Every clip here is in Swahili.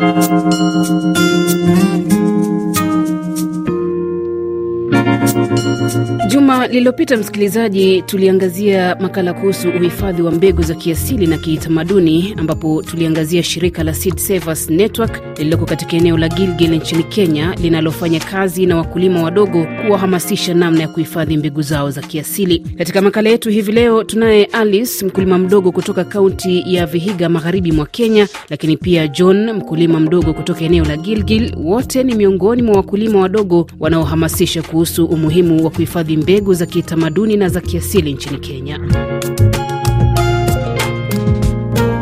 thank you lililopita, msikilizaji, tuliangazia makala kuhusu uhifadhi wa mbegu za kiasili na kitamaduni, ambapo tuliangazia shirika la Seed Savers Network lililoko katika eneo la Gilgil nchini Kenya, linalofanya kazi na wakulima wadogo kuwahamasisha namna ya kuhifadhi mbegu zao za kiasili. Katika makala yetu hivi leo tunaye Alice, mkulima mdogo kutoka kaunti ya Vihiga, magharibi mwa Kenya, lakini pia John, mkulima mdogo kutoka eneo la Gilgil. Wote ni miongoni mwa wakulima wadogo wanaohamasisha kuhusu umuhimu wa kuhifadhi mbegu za kitamaduni na za kiasili nchini Kenya.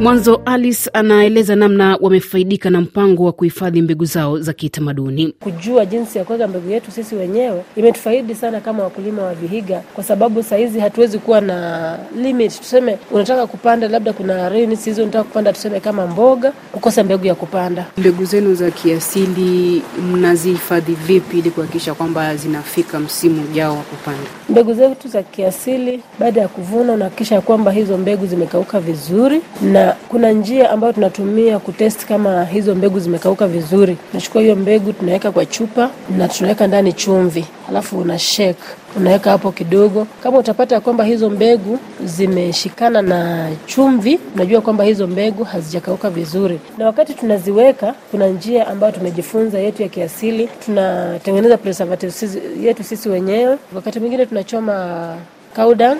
Mwanzo Alice anaeleza namna wamefaidika na mpango wa kuhifadhi mbegu zao za kitamaduni. Kujua jinsi ya kuweka mbegu yetu sisi wenyewe imetufaidi sana kama wakulima wa Vihiga, kwa sababu sahizi hatuwezi kuwa na limit. Tuseme unataka kupanda labda kuna rainy season, unataka kupanda tuseme kama mboga, ukosa mbegu ya kupanda. Mbegu zenu za kiasili mnazihifadhi vipi ili kuhakikisha kwamba zinafika msimu ujao wa kupanda? Mbegu zetu za kiasili baada ya kuvuna unahakikisha kwamba hizo mbegu zimekauka vizuri na kuna, njia ambayo tunatumia kutest kama hizo mbegu zimekauka vizuri. Tunachukua hiyo mbegu tunaweka kwa chupa na tunaweka ndani chumvi, alafu una shake unaweka hapo kidogo. Kama utapata kwamba hizo mbegu zimeshikana na chumvi, unajua kwamba hizo mbegu hazijakauka vizuri. Na wakati tunaziweka, kuna njia ambayo tumejifunza yetu ya kiasili, tunatengeneza preservatives yetu sisi wenyewe. Wakati mwingine tunachoma kaudan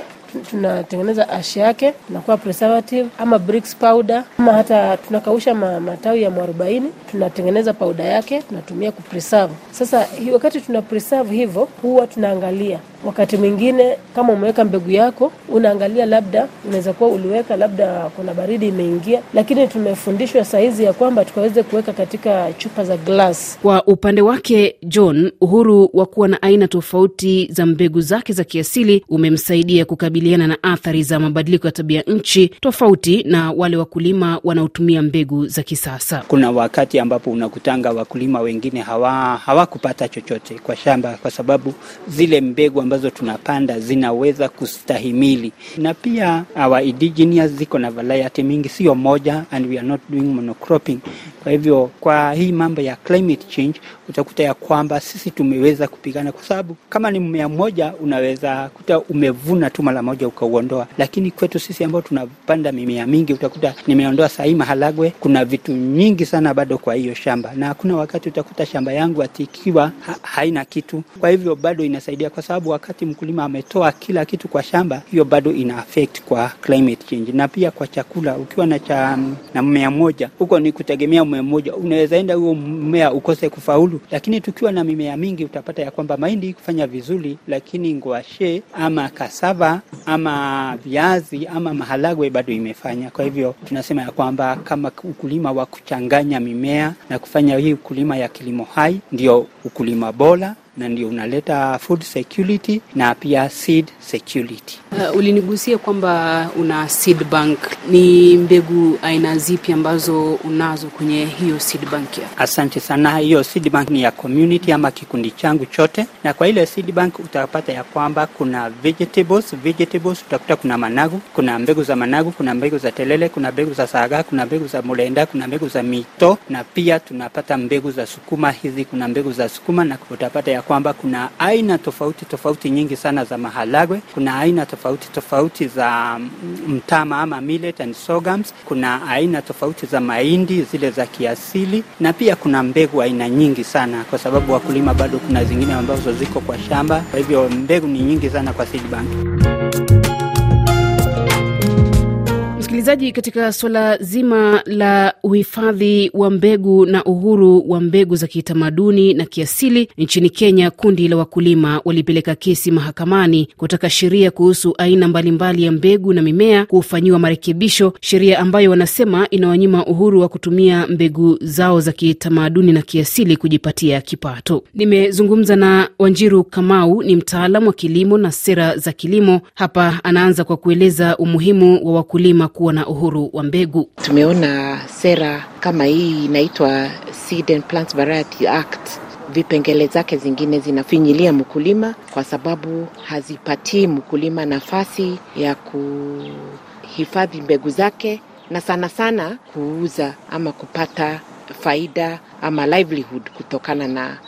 tunatengeneza ash yake tunakuwa preservative ama bricks powder ama hata tunakausha ma, matawi ya mwarobaini tunatengeneza powder yake tunatumia kupreserve. Sasa wakati tuna preserve hivyo, huwa tunaangalia Wakati mwingine kama umeweka mbegu yako, unaangalia labda unaweza kuwa uliweka labda kuna baridi imeingia, lakini tumefundishwa saizi ya kwamba tukaweze kuweka katika chupa za glass. Kwa upande wake John, uhuru wa kuwa na aina tofauti za mbegu zake za kiasili umemsaidia kukabiliana na athari za mabadiliko ya tabia nchi, tofauti na wale wakulima wanaotumia mbegu za kisasa. Kuna wakati ambapo unakutanga wakulima wengine hawa hawakupata chochote kwa shamba kwa sababu zile mbegu ambazo tunapanda zinaweza kustahimili, na pia our indigenous ziko na variety mingi, sio moja, and we are not doing monocropping. Kwa hivyo kwa hii mambo ya climate change utakuta ya kwamba sisi tumeweza kupigana, kwa sababu kama ni mmea mmoja unaweza kuta umevuna tu mara moja ukauondoa, lakini kwetu sisi ambao tunapanda mimea mingi utakuta nimeondoa sahii maharagwe, kuna vitu nyingi sana bado kwa hiyo shamba, na hakuna wakati utakuta shamba yangu atikiwa ha haina kitu. Kwa hivyo bado inasaidia kwa sababu wakati mkulima ametoa kila kitu kwa shamba, hiyo bado ina affect kwa climate change na pia kwa chakula. Ukiwa na cha na mmea mmoja huko ni kutegemea mmea mmoja, unaweza enda huo mmea ukose kufaulu, lakini tukiwa na mimea mingi utapata ya kwamba mahindi kufanya vizuri, lakini ngwashe ama kasava ama viazi ama maharagwe bado imefanya. Kwa hivyo tunasema ya kwamba kama ukulima wa kuchanganya mimea na kufanya hii ukulima ya kilimo hai ndio ukulima bora na ndio unaleta food security na pia seed security. Uh, ulinigusia kwamba una seed bank. Ni mbegu aina zipi ambazo unazo kwenye hiyo seed bank ya? Asante sana. Hiyo seed bank ni ya community ama kikundi changu chote, na kwa ile seed bank utapata ya kwamba kuna vegetables, vegetables utakuta kuna managu, kuna mbegu za managu, kuna mbegu za telele, kuna mbegu za saga, kuna mbegu za mulenda, kuna mbegu za mito, na pia tunapata mbegu za sukuma hizi, kuna mbegu za sukuma na utapata ya kwamba kuna aina tofauti tofauti nyingi sana za maharagwe, kuna aina tofauti tofauti za mm, mtama ama millet and sorghums, kuna aina tofauti za mahindi zile za kiasili, na pia kuna mbegu aina nyingi sana, kwa sababu wakulima bado kuna zingine ambazo ziko kwa shamba. Kwa hivyo mbegu ni nyingi sana kwa seed bank. Msikilizaji, katika suala zima la uhifadhi wa mbegu na uhuru wa mbegu za kitamaduni na kiasili nchini Kenya, kundi la wakulima walipeleka kesi mahakamani kutaka sheria kuhusu aina mbalimbali ya mbegu na mimea kufanyiwa marekebisho, sheria ambayo wanasema inawanyima uhuru wa kutumia mbegu zao za kitamaduni na kiasili kujipatia kipato. Nimezungumza na Wanjiru Kamau, ni mtaalamu wa kilimo na sera za kilimo. Hapa anaanza kwa kueleza umuhimu wa wakulima kuwa kuwa na uhuru wa mbegu. Tumeona sera kama hii inaitwa Seed and Plant Variety Act vipengele zake zingine zinafinyilia mkulima kwa sababu hazipatii mkulima nafasi ya kuhifadhi mbegu zake na sana sana kuuza ama kupata faida ama livelihood kutokana na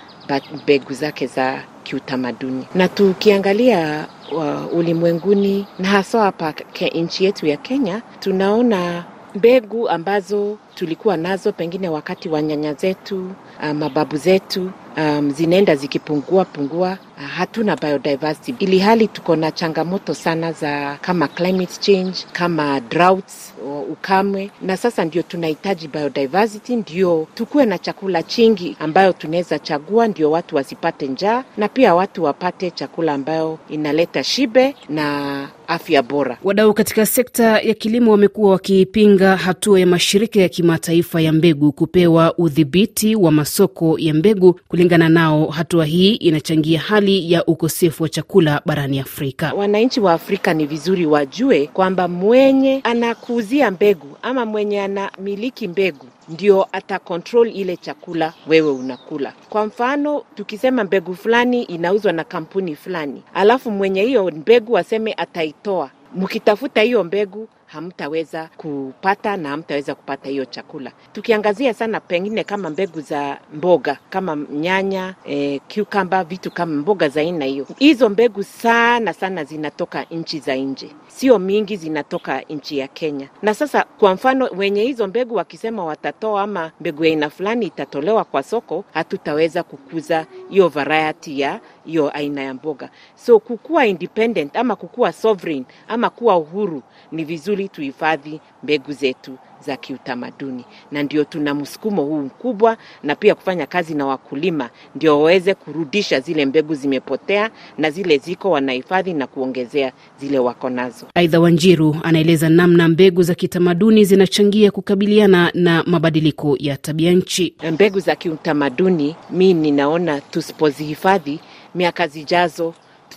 mbegu zake za kiutamaduni. Na tukiangalia uh, ulimwenguni na haswa hapa nchi yetu ya Kenya tunaona mbegu ambazo tulikuwa nazo pengine wakati wa nyanya zetu, uh, mababu zetu um, zinaenda zikipungua pungua. Uh, hatuna biodiversity, ili hali tuko na changamoto sana za kama climate change, kama droughts, oh, ukamwe, na sasa ndio tunahitaji biodiversity, ndio tukuwe na chakula chingi ambayo tunaweza chagua, ndio watu wasipate njaa na pia watu wapate chakula ambayo inaleta shibe na afya bora. Wadau katika sekta ya kilimo wamekuwa wakipinga hatua ya mashirika ya kilimo kimataifa ya mbegu kupewa udhibiti wa masoko ya mbegu. Kulingana nao, hatua hii inachangia hali ya ukosefu wa chakula barani Afrika. Wananchi wa Afrika ni vizuri wajue kwamba mwenye anakuuzia mbegu ama mwenye anamiliki mbegu ndio ata control ile chakula wewe unakula. Kwa mfano, tukisema mbegu fulani inauzwa na kampuni fulani, alafu mwenye hiyo mbegu aseme ataitoa, mkitafuta hiyo mbegu hamtaweza kupata na hamtaweza kupata hiyo chakula. Tukiangazia sana pengine kama mbegu za mboga kama nyanya e, cucumber, vitu kama mboga za aina hiyo, hizo mbegu sana sana zinatoka nchi za nje, sio mingi zinatoka nchi ya Kenya. Na sasa kwa mfano, wenye hizo mbegu wakisema watatoa ama mbegu ya aina fulani itatolewa kwa soko, hatutaweza kukuza hiyo variety ya hiyo aina ya mboga. So kukuwa independent ama kukuwa sovereign ama kuwa uhuru ni vizuri vizuri tuhifadhi mbegu zetu za kiutamaduni, na ndio tuna msukumo huu mkubwa, na pia kufanya kazi na wakulima ndio waweze kurudisha zile mbegu zimepotea, na zile ziko wanahifadhi na kuongezea zile wako nazo. Aidha, Wanjiru anaeleza namna mbegu za kitamaduni zinachangia kukabiliana na mabadiliko ya tabia nchi. Mbegu za kiutamaduni, mi ninaona tusipozihifadhi, miaka zijazo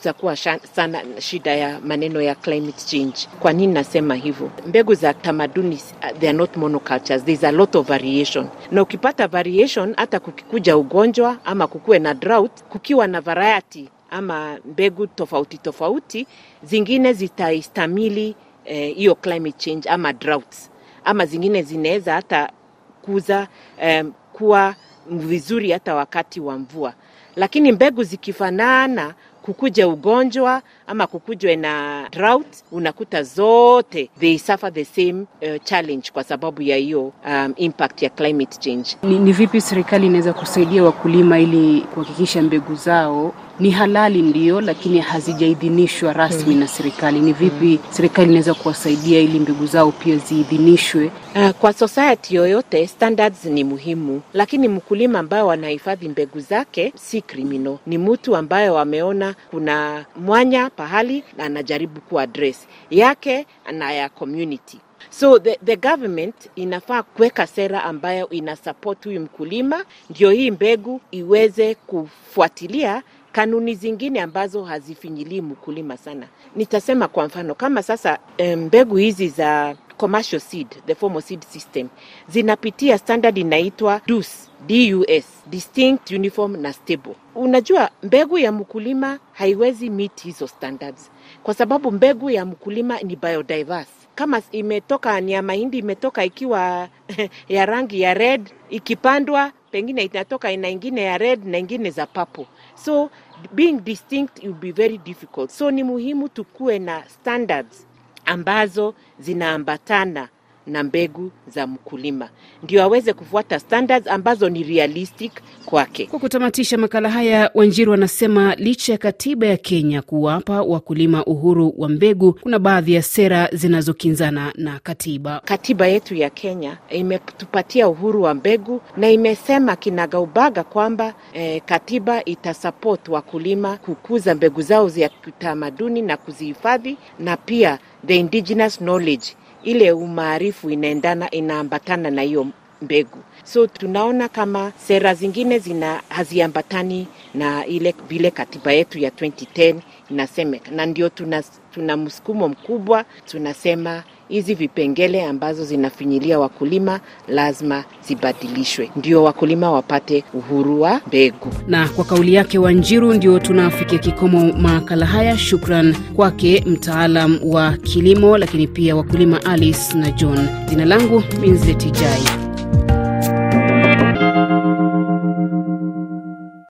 hakutakuwa sana shida ya maneno ya climate change. Kwa nini nasema hivyo? Mbegu za tamaduni uh, they are not monocultures, there is a lot of variation, na ukipata variation, hata kukikuja ugonjwa ama kukuwe na drought, kukiwa na variety ama mbegu tofauti tofauti, zingine zitaistamili eh, hiyo eh, climate change ama droughts, ama zingine zinaweza hata kuza eh, kuwa vizuri hata wakati wa mvua, lakini mbegu zikifanana kukuja ugonjwa ama kukujwe na drought, unakuta zote they suffer the same uh, challenge kwa sababu ya hiyo um, impact ya climate change. Ni, ni vipi serikali inaweza kusaidia wakulima ili kuhakikisha mbegu zao ni halali ndio, lakini hazijaidhinishwa rasmi hmm. na serikali. Ni vipi hmm. serikali inaweza kuwasaidia ili mbegu zao pia ziidhinishwe? Uh, kwa society yoyote standards ni muhimu, lakini mkulima ambayo anahifadhi mbegu zake si criminal, ni mtu ambaye wameona kuna mwanya pahali na anajaribu kuaddress yake na ya community. So the, the government inafaa kuweka sera ambayo ina support huyu mkulima, ndio hii mbegu iweze kufuatilia kanuni zingine ambazo hazifinyilii mkulima sana. Nitasema kwa mfano kama sasa mbegu hizi za commercial seed, the formal seed system zinapitia standard inaitwa DUS, DUS, distinct, uniform na stable. Unajua mbegu ya mkulima haiwezi meet hizo standards kwa sababu mbegu ya mkulima ni biodiverse. Kama imetoka ni ya mahindi, imetoka ikiwa ya rangi ya red, ikipandwa pengine inatoka ina ingine ya red na ingine za papo, so being distinct will be very difficult. So ni muhimu tukuwe na standards ambazo zinaambatana na mbegu za mkulima, ndio aweze kufuata standards ambazo ni realistic kwake. Kwa kutamatisha makala haya, wanjiri wanasema licha ya katiba ya Kenya kuwapa wakulima uhuru wa mbegu, kuna baadhi ya sera zinazokinzana na katiba. Katiba yetu ya Kenya imetupatia uhuru wa mbegu na imesema kinagaubaga kwamba eh, katiba itasupport wakulima kukuza mbegu zao za kitamaduni na kuzihifadhi na pia the indigenous knowledge ile umaarifu inaendana, inaambatana na hiyo mbegu. So tunaona kama sera zingine zina haziambatani na ile vile katiba yetu ya 2010 inasemeka, na ndio tuna, tuna msukumo mkubwa tunasema hizi vipengele ambazo zinafinyilia wakulima lazima zibadilishwe, ndio wakulima wapate uhuru wa mbegu. Na kwa kauli yake Wanjiru, ndio tunafikia kikomo makala haya. Shukran kwake mtaalam wa kilimo, lakini pia wakulima Alice na John. Jina langu Minzletijai.